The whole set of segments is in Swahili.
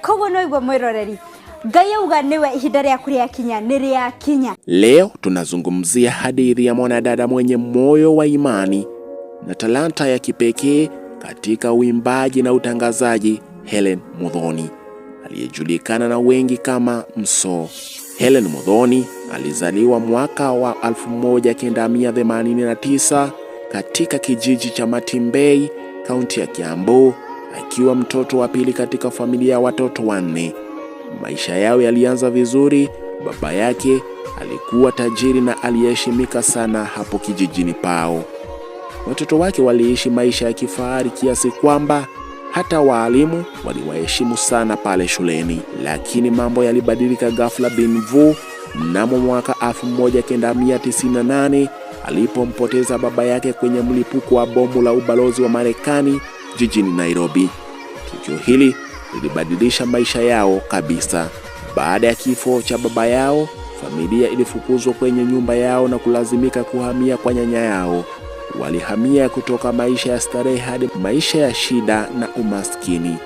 koguo no mwiroreri Ngai auga niwe ihinda kinya ni ria kinya Leo tunazungumzia hadithi ya mwanadada mwenye moyo wa imani na talanta ya kipekee katika uimbaji na utangazaji, Helen Muthoni aliyejulikana na wengi kama Msoo. Helen Muthoni alizaliwa mwaka wa 1989 katika kijiji cha Matimbei, kaunti ya Kiambu, akiwa mtoto wa pili katika familia ya watoto wanne. Maisha yao yalianza vizuri. Baba yake alikuwa tajiri na aliyeheshimika sana hapo kijijini pao. Watoto wake waliishi maisha ya kifahari kiasi kwamba hata waalimu waliwaheshimu sana pale shuleni. Lakini mambo yalibadilika ghafla bin vu mnamo mwaka 1998 alipompoteza baba yake kwenye mlipuko wa bomu la ubalozi wa Marekani jijini Nairobi. Tukio hili lilibadilisha maisha yao kabisa. Baada ya kifo cha baba yao, familia ilifukuzwa kwenye nyumba yao na kulazimika kuhamia kwa nyanya yao. Walihamia kutoka maisha ya starehe hadi maisha ya shida na umaskini.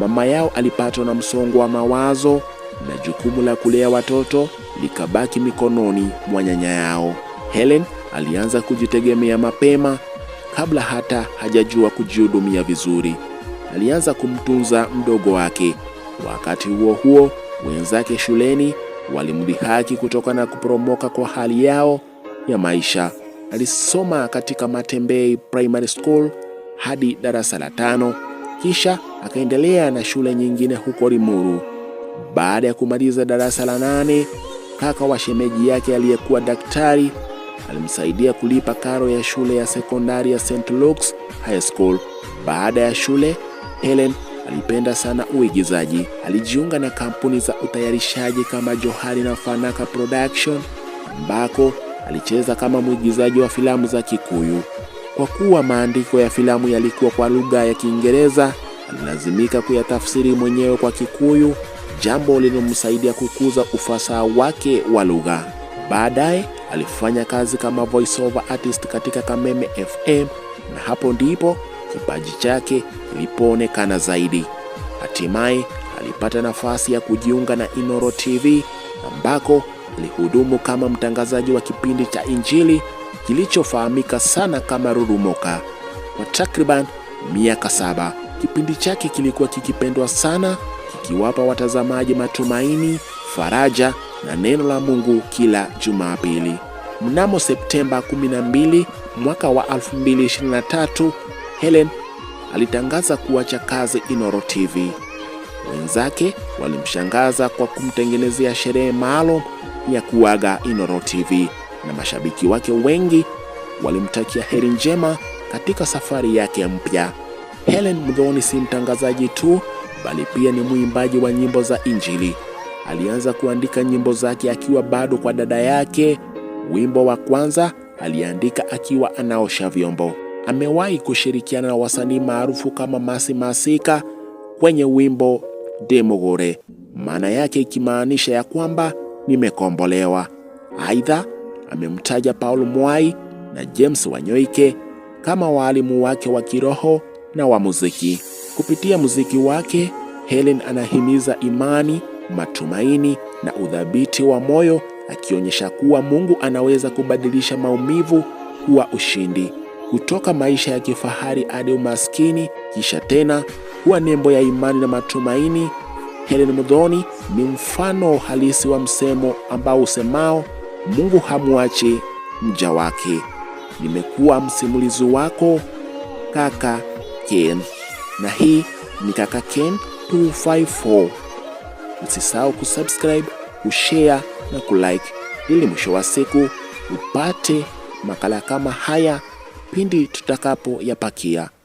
Mama yao alipatwa na msongo wa mawazo na jukumu la kulea watoto likabaki mikononi mwa nyanya yao. Helen alianza kujitegemea mapema kabla hata hajajua kujihudumia vizuri. Alianza kumtunza mdogo wake. Wakati huo huo, wenzake shuleni walimdhihaki kutokana na kuporomoka kwa hali yao ya maisha. Alisoma katika Matembei Primary School hadi darasa la tano, kisha akaendelea na shule nyingine huko Limuru. Baada ya kumaliza darasa la nane, kaka wa shemeji yake aliyekuwa daktari alimsaidia kulipa karo ya shule ya sekondari ya St. Luke's High School. Baada ya shule, Helen alipenda sana uigizaji. Alijiunga na kampuni za utayarishaji kama Johari na Fanaka Production ambako alicheza kama mwigizaji wa filamu za Kikuyu. Kwa kuwa maandiko ya filamu yalikuwa kwa lugha ya Kiingereza, alilazimika kuyatafsiri mwenyewe kwa Kikuyu, jambo lililomsaidia kukuza ufasaha wake wa lugha. Baadaye alifanya kazi kama voiceover artist katika Kameme FM na hapo ndipo kipaji chake kilipoonekana zaidi. Hatimaye alipata nafasi ya kujiunga na Inoro TV ambako alihudumu kama mtangazaji wa kipindi cha Injili kilichofahamika sana kama Rurumoka kwa takriban miaka saba. Kipindi chake kilikuwa kikipendwa sana ikiwapa watazamaji matumaini, faraja na neno la Mungu kila Jumapili. Mnamo Septemba 12 mwaka wa 2023, Helen alitangaza kuacha kazi Inoro TV. Wenzake walimshangaza kwa kumtengenezea sherehe maalum ya kuaga Inoro TV, na mashabiki wake wengi walimtakia heri njema katika safari yake mpya. Helen Mdhoni si mtangazaji tu bali pia ni mwimbaji wa nyimbo za Injili. Alianza kuandika nyimbo zake akiwa bado kwa dada yake. Wimbo wa kwanza aliandika akiwa anaosha vyombo. Amewahi kushirikiana na wasanii maarufu kama Masi Masika kwenye wimbo Demogore, maana yake ikimaanisha ya kwamba nimekombolewa. Aidha, amemtaja Paul Mwai na James Wanyoike kama waalimu wake wa kiroho na wa muziki. Kupitia muziki wake, Helen anahimiza imani, matumaini na udhabiti wa moyo, akionyesha kuwa Mungu anaweza kubadilisha maumivu kuwa ushindi. Kutoka maisha ya kifahari hadi umaskini, kisha tena kuwa nembo ya imani na matumaini. Helen Muthoni ni mfano halisi wa msemo ambao usemao Mungu hamwachi mja wake. Nimekuwa msimulizi wako kaka Ken na hii ni Kaka Ken 254. Usisahau kusubscribe, kushare na kulike ili mwisho wa siku upate makala kama haya pindi tutakapoyapakia.